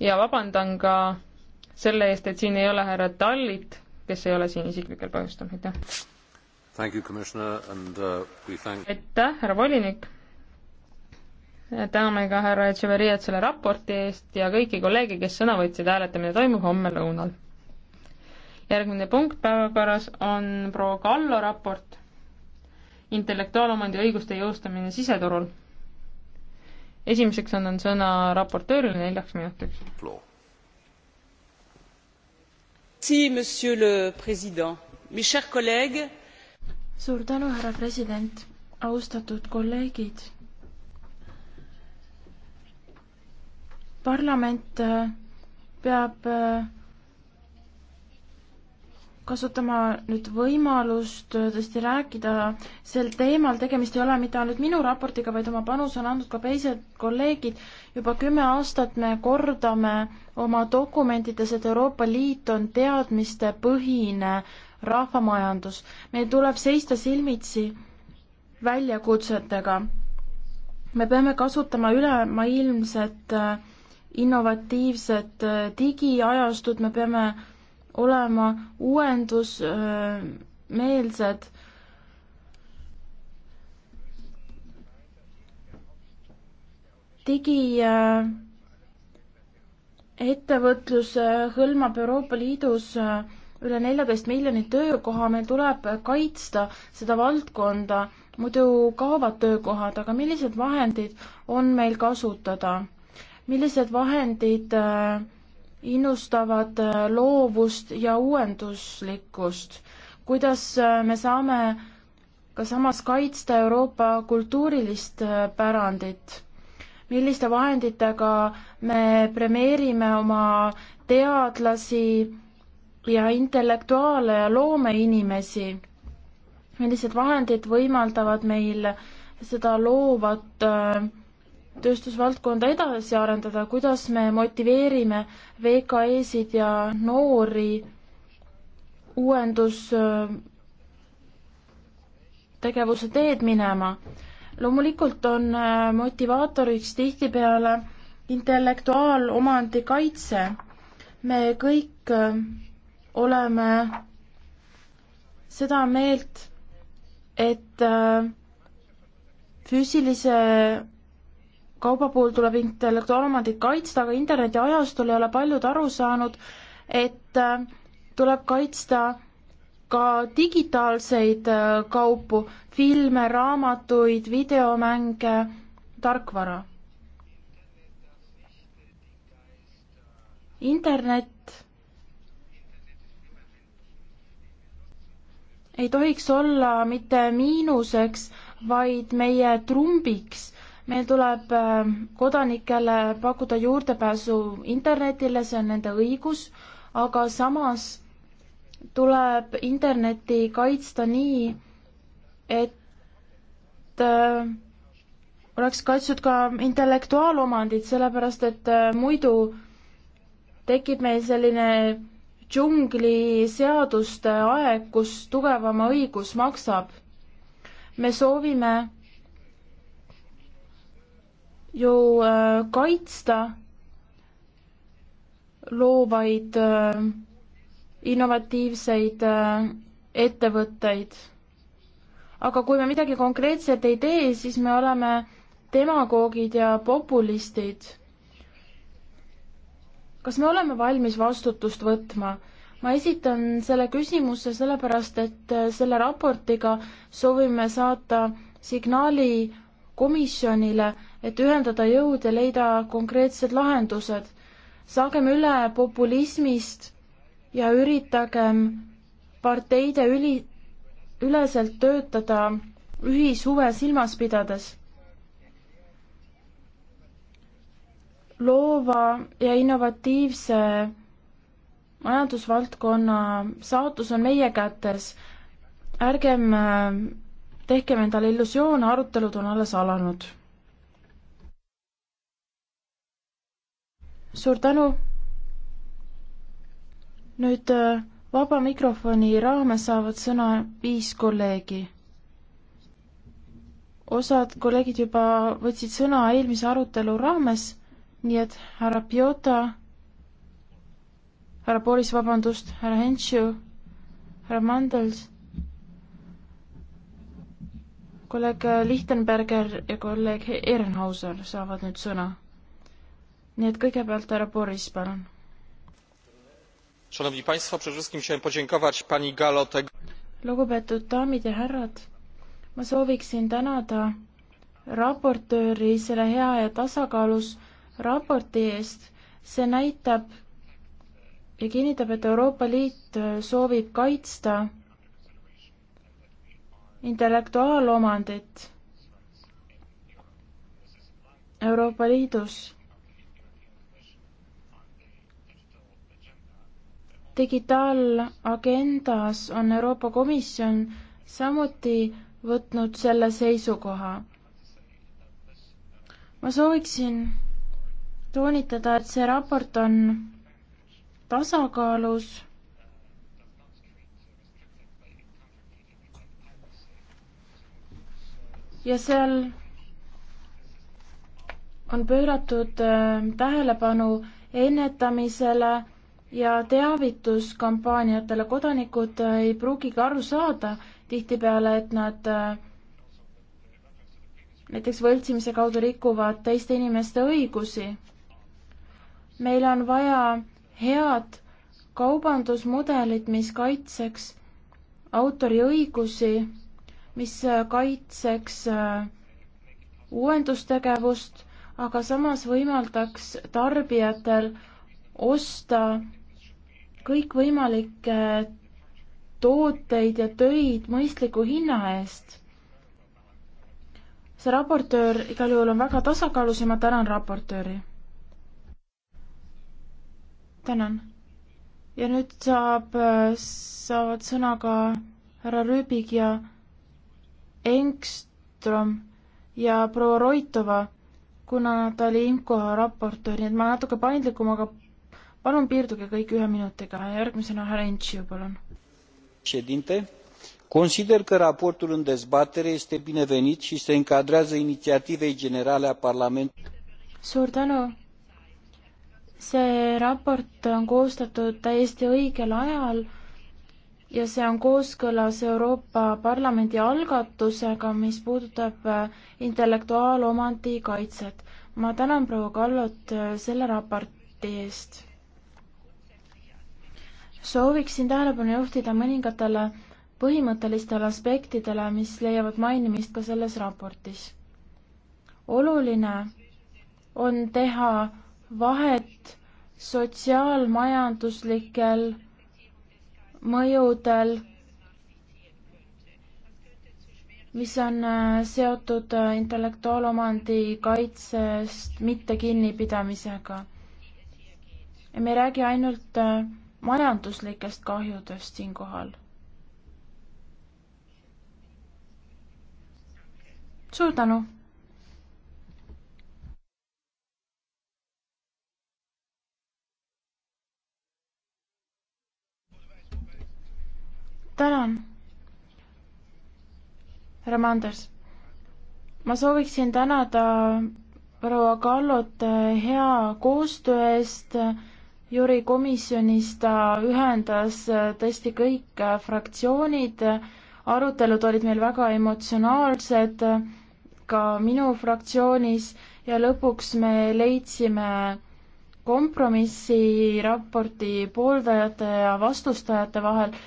ja vabandan ka selle eest, et siin ei ole härra Tallit, kes ei ole siin isiklikel põhjustel, aitäh. Uh, aitäh, härra volinik. täname ka härra Etševeriat selle raporti eest ja kõiki kolleege, kes sõna võtsid, hääletamine toimub homme lõunal. järgmine punkt päevakorras on proua Kallo raport intellektuaalomandi õiguste jõustamine siseturul esimeseks annan sõna raportöörile neljaks minutiks. suur tänu, härra president, austatud kolleegid. parlament äh, peab äh, kasutama nüüd võimalust äh, tõesti rääkida sel teemal, tegemist ei ole mitte ainult minu raportiga, vaid oma panuse on andnud ka teised kolleegid. juba kümme aastat me kordame oma dokumentides, et Euroopa Liit on teadmistepõhine rahvamajandus. meil tuleb seista silmitsi väljakutsetega. me peame kasutama ülemaailmset äh, innovatiivset äh, digiajastut, me peame olema uuendusmeelsed. digiettevõtlus äh, äh, hõlmab Euroopa Liidus äh, üle neljateist miljonit töökoha, meil tuleb kaitsta seda valdkonda, muidu kaovad töökohad, aga millised vahendid on meil kasutada? millised vahendid äh, innustavad äh, loovust ja uuenduslikkust. kuidas äh, me saame ka samas kaitsta Euroopa kultuurilist äh, pärandit? milliste vahenditega me premeerime oma teadlasi ja intellektuaale ja loomeinimesi? millised vahendid võimaldavad meil seda loovat äh, tööstusvaldkonda edasi arendada, kuidas me motiveerime VKE-sid ja noori uuendustegevuse teed minema. loomulikult on äh, motivaatoriks tihtipeale intellektuaalomandi kaitse. me kõik äh, oleme seda meelt, et äh, füüsilise kauba puhul tuleb intellektuaalomandit kaitsta, aga internetiajastul ei ole paljud aru saanud, et äh, tuleb kaitsta ka digitaalseid äh, kaupu, filme, raamatuid, videomänge, tarkvara. internet ei tohiks olla mitte miinuseks, vaid meie trumbiks meil tuleb äh, kodanikele pakkuda juurdepääsu internetile, see on nende õigus, aga samas tuleb internetti kaitsta nii, et äh, oleks kaitstud ka intellektuaalomandid, sellepärast et äh, muidu tekib meil selline džungli seaduste aeg, kus tugevama õigus maksab. me soovime ju äh, kaitsta loovaid äh, innovatiivseid äh, ettevõtteid. aga kui me midagi konkreetset ei tee, siis me oleme demagoogid ja populistid. kas me oleme valmis vastutust võtma? ma esitan selle küsimuse sellepärast, et selle raportiga soovime saata signaali komisjonile, et ühendada jõud ja leida konkreetsed lahendused. saagem üle populismist ja üritagem parteide üli, üleselt töötada ühishuve silmas pidades. loova ja innovatiivse majandusvaldkonna saatus on meie kätes. ärgem äh, tehkem endale illusioone, arutelud on alles alanud. suur tänu. nüüd äh, vaba mikrofoni raames saavad sõna viis kolleegi. osad kolleegid juba võtsid sõna eelmise arutelu raames, nii et härra Piota, härra Boris, vabandust, härra Hentšu, härra Mandels kolleeg Lichtenberger ja kolleeg Ehrenhauser saavad nüüd sõna. nii et kõigepealt härra Boris, palun. lugupeetud daamid ja härrad, ma sooviksin tänada raportööri selle hea ja tasakaalus raporti eest. see näitab ja kinnitab, et Euroopa Liit soovib kaitsta intellektuaalomandit Euroopa Liidus. digitaalagendas on Euroopa Komisjon samuti võtnud selle seisukoha. ma sooviksin toonitada, et see raport on tasakaalus ja seal on pööratud ähm, tähelepanu ennetamisele ja teavituskampaaniatele. kodanikud äh, ei pruugigi aru saada tihtipeale, et nad äh, näiteks võltsimise kaudu rikuvad teiste inimeste õigusi. meil on vaja head kaubandusmudelit, mis kaitseks autoriõigusi mis äh, kaitseks äh, uuendustegevust, aga samas võimaldaks tarbijatel osta kõikvõimalikke tooteid ja töid mõistliku hinna eest. see raportöör igal juhul on väga tasakaalus ja ma tänan raportööri. tänan. ja nüüd saab, äh, saavad sõna ka härra Rüübik ja Engström ja proua Roitova, kuna ta oli IMCO raportöör, nii et ma natuke paindlikum, aga palun piirduge kõik ühe minutiga ja järgmisena härra Enciu, palun. Consider că raportul în dezbatere este binevenit și se încadrează inițiativei generale a Parlamentului. Suur tänu! See raport on koostatud täiesti õigel ajal ja see on kooskõlas Euroopa Parlamendi algatusega, mis puudutab äh, intellektuaalomandi kaitset. ma tänan proua Kallot äh, selle raporti eest. sooviksin tähelepanu juhtida mõningatele põhimõttelistele aspektidele, mis leiavad mainimist ka selles raportis. oluline on teha vahet sotsiaalmajanduslikel mõjudel, mis on äh, seotud äh, intellektuaalomandi kaitsest mitte kinnipidamisega. ja me ei räägi ainult äh, majanduslikest kahjudest siinkohal. suur tänu! tänan. härra Manders, ma sooviksin tänada proua Kallot eh, hea koostöö eest. Jüri komisjonis ta ühendas eh, tõesti kõik eh, fraktsioonid, arutelud olid meil väga emotsionaalsed ka minu fraktsioonis ja lõpuks me leidsime kompromissi raporti pooldajate ja vastustajate vahel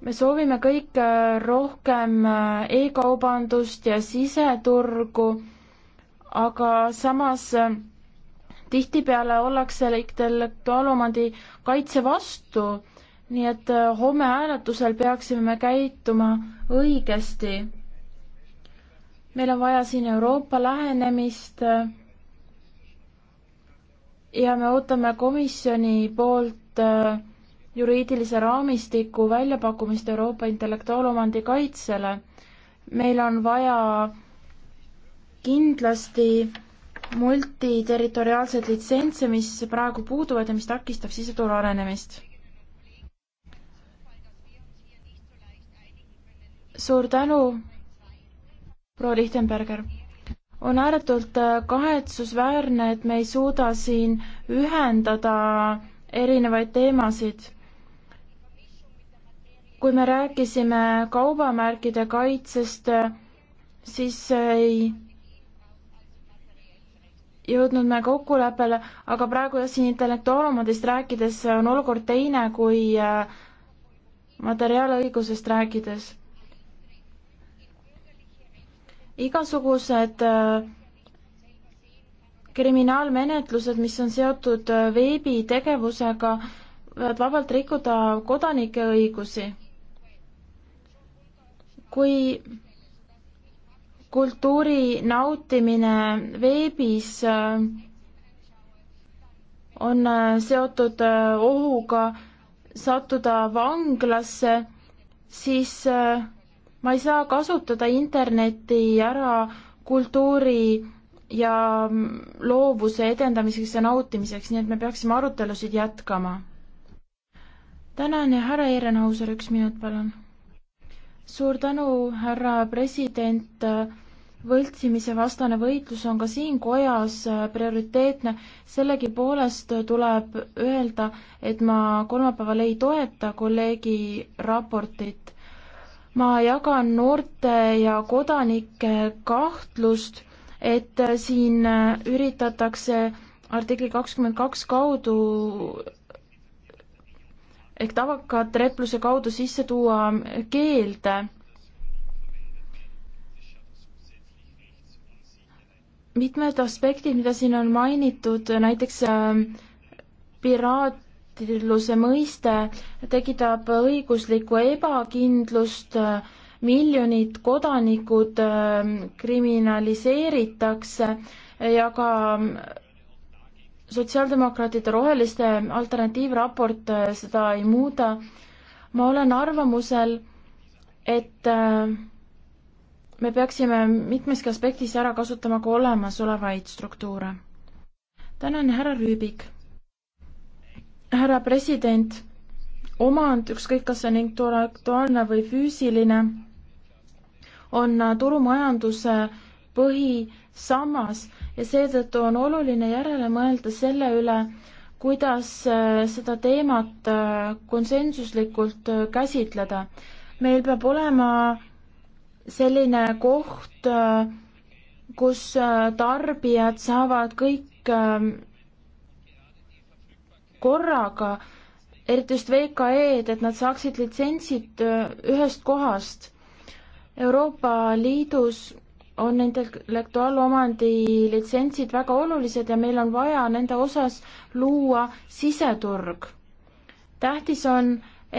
me soovime kõik äh, rohkem äh, e-kaubandust ja siseturgu, aga samas äh, tihtipeale ollakse intellektuaalomandi kaitse vastu, nii et homme hääletusel peaksime me käituma õigesti. meil on vaja siin Euroopa lähenemist ja me ootame komisjoni poolt äh, juriidilise raamistiku väljapakkumist Euroopa intellektuaalomandi kaitsele. meil on vaja kindlasti multiterritoriaalseid litsentse, mis praegu puuduvad ja mis takistab siseturu arenemist. suur tänu, proua Lichtenberger. on ääretult äh, kahetsusväärne, et me ei suuda siin ühendada erinevaid teemasid kui me rääkisime kaubamärkide kaitsest, siis ei jõudnud me kokkuleppele, aga praegu jah, siin intellektuaalomadest rääkides on olukord teine kui äh, materiaalõigusest rääkides. igasugused äh, kriminaalmenetlused, mis on seotud äh, veebitegevusega, võivad vabalt rikkuda kodanike õigusi kui kultuuri nautimine veebis äh, on äh, seotud äh, ohuga sattuda vanglasse, siis ma ei saa kasutada Internetti ära kultuuri ja mm, loovuse edendamiseks ja nautimiseks, nii et me peaksime arutelusid jätkama. tänan ja härra Ehrenhauser, üks minut, palun suur tänu, härra president. võltsimise vastane võitlus on ka siin kojas prioriteetne. sellegipoolest tuleb öelda, et ma kolmapäeval ei toeta kolleegi raportit. ma jagan noorte ja kodanike kahtlust, et siin üritatakse artikli kakskümmend kaks kaudu ehk tavaka trepluse kaudu sisse tuua keelde. mitmed aspektid, mida siin on mainitud, näiteks ähm, piraatluse mõiste tekitab õiguslikku ebakindlust, miljonid kodanikud ähm, kriminaliseeritakse ja ka sotsiaaldemokraatide roheliste alternatiivraport äh, seda ei muuda. ma olen arvamusel, et äh, me peaksime mitmeski aspektis ära kasutama ka olemasolevaid struktuure. tänan, härra Rüübik. härra president, omand, ükskõik kas see on intellektuaalne või füüsiline, on äh, turumajanduse põhi sammas ja seetõttu on oluline järele mõelda selle üle, kuidas äh, seda teemat äh, konsensuslikult äh, käsitleda. meil peab olema selline koht, kus tarbijad saavad kõik ähm, korraga, eriti just VKE-d, et nad saaksid litsentsid ühest kohast. Euroopa Liidus on intellektuaalomandi litsentsid väga olulised ja meil on vaja nende osas luua siseturg. tähtis on,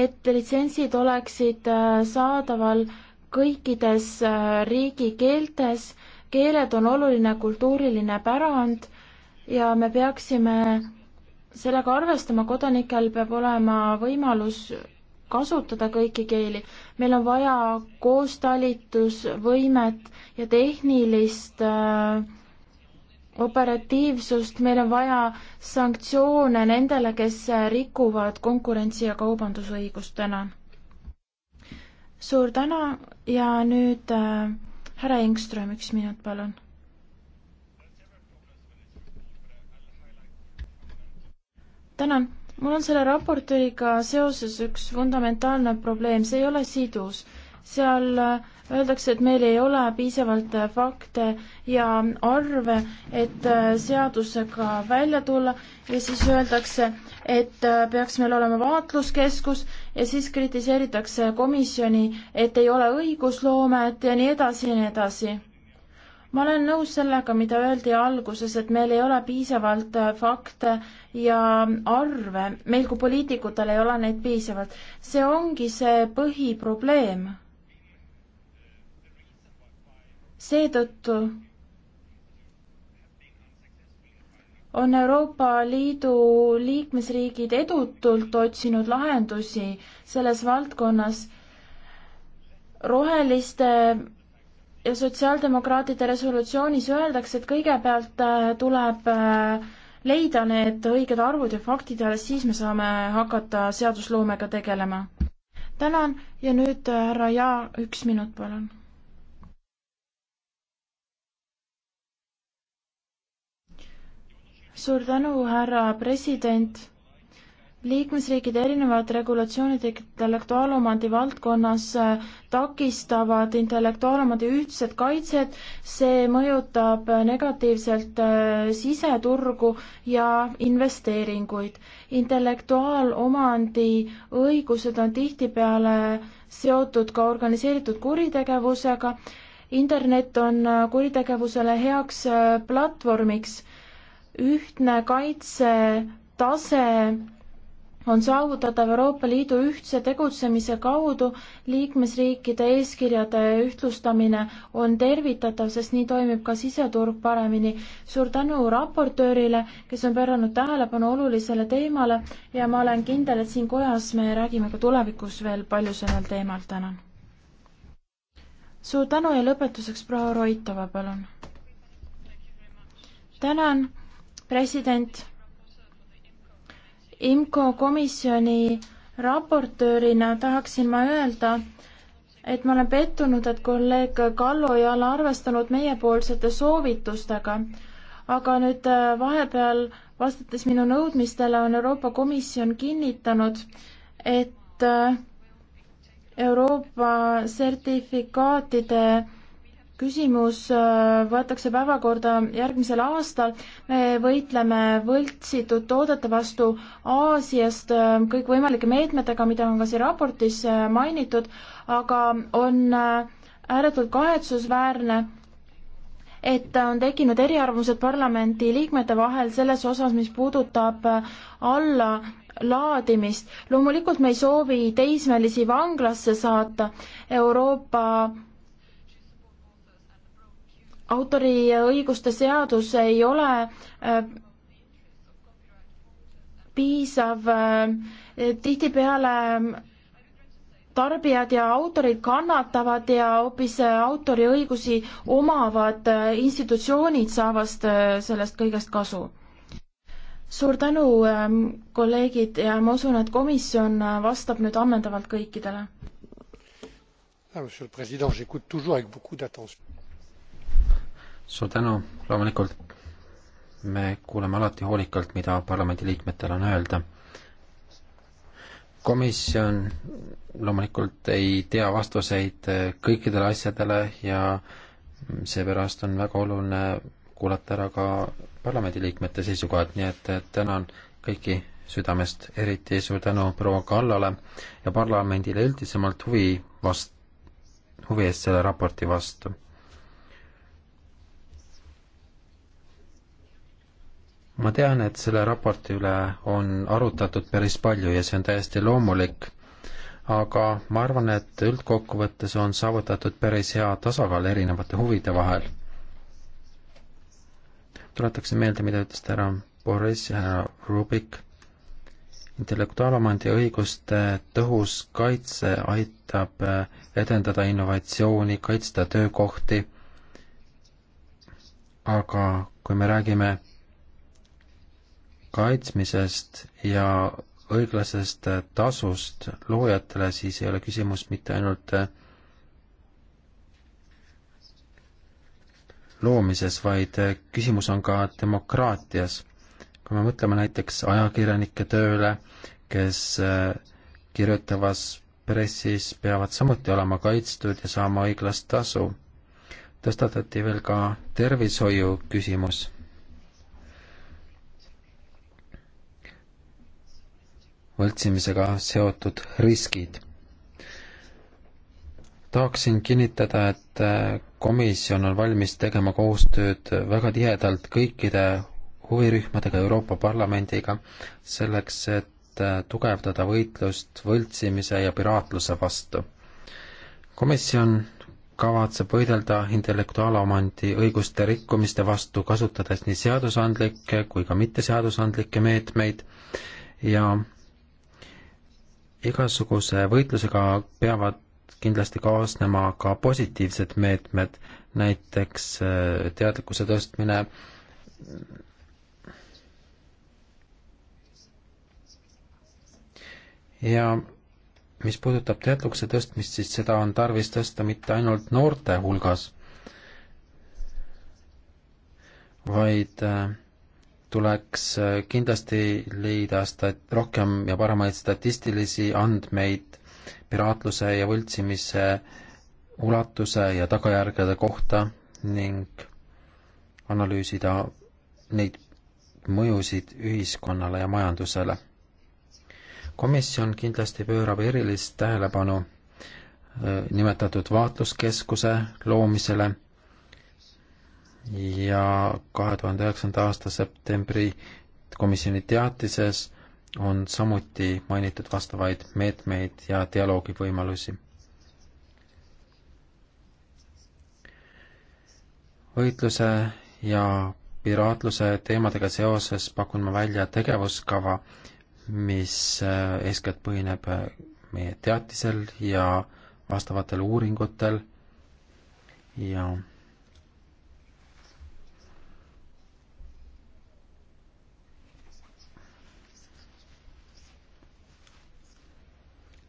et litsentsid oleksid äh, saadaval kõikides äh, riigikeeltes, keeled on oluline kultuuriline pärand ja me peaksime sellega arvestama, kodanikel peab olema võimalus kasutada kõiki keeli, meil on vaja koostalitusvõimet ja tehnilist äh, operatiivsust, meil on vaja sanktsioone nendele, kes rikuvad konkurentsi- ja kaubandusõigust, tänan. suur tänu ja nüüd äh, härra Engström, üks minut, palun tänan mul on selle raportiga seoses üks fundamentaalne probleem, see ei ole sidus. seal äh, öeldakse, et meil ei ole piisavalt äh, fakte ja arve, et äh, seadusega välja tulla ja siis öeldakse, et peaks meil olema vaatluskeskus ja siis kritiseeritakse komisjoni, et ei ole õigusloomet ja nii edasi ja nii edasi ma olen nõus sellega, mida öeldi alguses, et meil ei ole piisavalt äh, fakte ja arve, meil kui poliitikutel ei ole neid piisavalt. see ongi see põhiprobleem. seetõttu on Euroopa Liidu liikmesriigid edutult otsinud lahendusi selles valdkonnas roheliste ja sotsiaaldemokraatide resolutsioonis öeldakse, et kõigepealt äh, tuleb äh, leida need õiged arvud ja faktid ja alles siis me saame hakata seadusloomega tegelema. tänan ja nüüd äh, härra Jaa, üks minut, palun. suur tänu, härra president liikmesriikide erinevad regulatsioonid intellektuaalomandi valdkonnas äh, takistavad intellektuaalomandi ühtset kaitset, see mõjutab äh, negatiivselt äh, siseturgu ja investeeringuid. intellektuaalomandi õigused on tihtipeale seotud ka organiseeritud kuritegevusega, internet on kuritegevusele heaks platvormiks, ühtne kaitsetase on saavutatav Euroopa Liidu ühtse tegutsemise kaudu. liikmesriikide eeskirjade ühtlustamine on tervitatav, sest nii toimib ka siseturg paremini. suur tänu raportöörile, kes on pööranud tähelepanu olulisele teemale ja ma olen kindel, et siin kojas me räägime ka tulevikus veel palju sellel teemal. tänan. suur tänu ja lõpetuseks proua Roitova, palun. tänan, president IMCO komisjoni raportöörina tahaksin ma öelda, et ma olen pettunud, et kolleeg Kallo ei ole arvestanud meiepoolsete soovitustega. aga nüüd äh, vahepeal, vastates minu nõudmistele, on Euroopa Komisjon kinnitanud, et äh, Euroopa sertifikaatide küsimus äh, võetakse päevakorda järgmisel aastal. me võitleme võltsitud toodete vastu Aasiast äh, kõikvõimalike meetmetega, mida on ka siin raportis äh, mainitud, aga on ääretult kahetsusväärne, et on tekkinud eriarvamused parlamendi liikmete vahel selles osas, mis puudutab alla laadimist. loomulikult me ei soovi teismelisi vanglasse saata Euroopa autoriõiguste seadus ei ole äh, piisav, äh, tihtipeale ähm, tarbijad ja autorid kannatavad ja hoopis äh, autoriõigusi omavad institutsioonid saavad sellest kõigest kasu. suur tänu, ähm, kolleegid, ja ma usun, et komisjon vastab nüüd ammendavalt kõikidele. Ah, monsieur le Président, j'écoute toujours avec beaucoup d'attention suur tänu, loomulikult me kuuleme alati hoolikalt, mida parlamendiliikmetel on öelda. komisjon loomulikult ei tea vastuseid kõikidele asjadele ja seepärast on väga oluline kuulata ära ka parlamendiliikmete seisukohad, nii et tänan kõiki südamest, eriti suur tänu proua Kallale ja parlamendile üldisemalt huvi vast-, huvi eest selle raporti vastu ma tean, et selle raporti üle on arutatud päris palju ja see on täiesti loomulik, aga ma arvan, et üldkokkuvõttes on saavutatud päris hea tasakaal erinevate huvide vahel. tuletaksin meelde, mida ütles härra Boris ja härra Rubik intellektuaalomandi õiguste tõhus kaitse aitab eh, edendada innovatsiooni, kaitsta töökohti, aga kui me räägime kaitsmisest ja õiglasest tasust loojatele, siis ei ole küsimus mitte ainult äh, loomises, vaid äh, küsimus on ka demokraatias. kui me mõtleme näiteks ajakirjanike tööle, kes äh, kirjutavas pressis peavad samuti olema kaitstud ja saama õiglast tasu. tõstatati veel ka tervishoiu küsimus võltsimisega seotud riskid. tahaksin kinnitada, et äh, komisjon on valmis tegema koostööd väga tihedalt kõikide huvirühmadega Euroopa Parlamendiga selleks, et äh, tugevdada võitlust võltsimise ja piraatluse vastu. komisjon kavatseb võidelda intellektuaalomandi õiguste rikkumiste vastu, kasutades nii seadusandlikke kui ka mitteseadusandlikke meetmeid ja igasuguse võitlusega peavad kindlasti kaasnema ka positiivsed meetmed, näiteks äh, teadlikkuse tõstmine, ja mis puudutab teadlikkuse tõstmist, siis seda on tarvis tõsta mitte ainult noorte hulgas, vaid äh, tuleks äh, kindlasti leida stat-, rohkem ja paremaid statistilisi andmeid piraatluse ja võltsimise ulatuse ja tagajärgede kohta ning analüüsida neid mõjusid ühiskonnale ja majandusele. komisjon kindlasti pöörab erilist tähelepanu äh, nimetatud vaatluskeskuse loomisele ja kahe tuhande üheksanda aasta septembri komisjoni teatises on samuti mainitud vastavaid meetmeid ja dialoogivõimalusi. võitluse ja piraatluse teemadega seoses pakun ma välja tegevuskava, mis äh, eeskätt põhineb äh, meie teatisel ja vastavatel uuringutel ja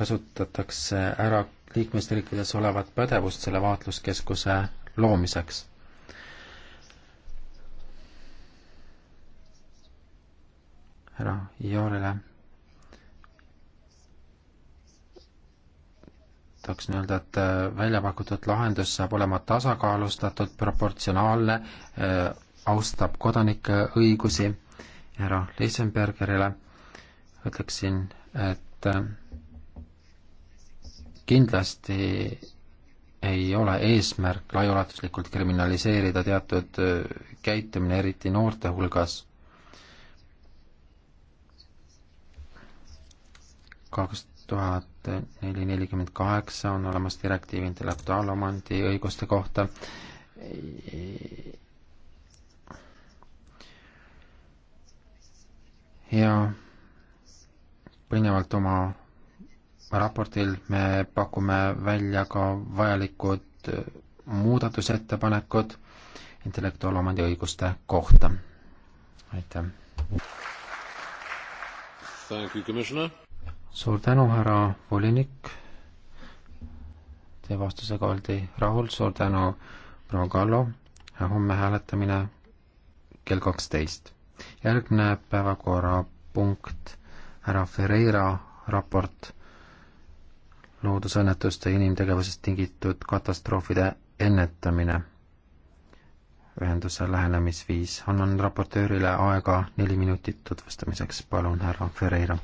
kasutatakse ära liikmesriikides olevat pädevust selle vaatluskeskuse loomiseks. härra Joolele tahaksin öelda, et äh, välja pakutud lahendus saab olema tasakaalustatud, proportsionaalne, äh, austab kodanike õigusi. härra Leisenbergerile ütleksin, et äh, kindlasti ei ole eesmärk laiaulatuslikult kriminaliseerida teatud käitumine, eriti noorte hulgas. kaks tuhat neli nelikümmend kaheksa on olemas direktiiv intellektuaalomandi õiguste kohta. ja põhinevalt oma raportil me pakume välja ka vajalikud äh, muudatusettepanekud intellektuaalomandi õiguste kohta. aitäh! suur tänu, härra volinik! Teie vastusega oldi rahul, suur tänu, proua Kallo! homme hääletamine kell kaksteist. järgneb päevakorrapunkt härra Ferreira raport loodusõnnetuste ja inimtegevusest tingitud katastroofide ennetamine. ühenduse lähenemisviis. annan raportöörile aega neli minutit tutvustamiseks, palun, härra Ferreira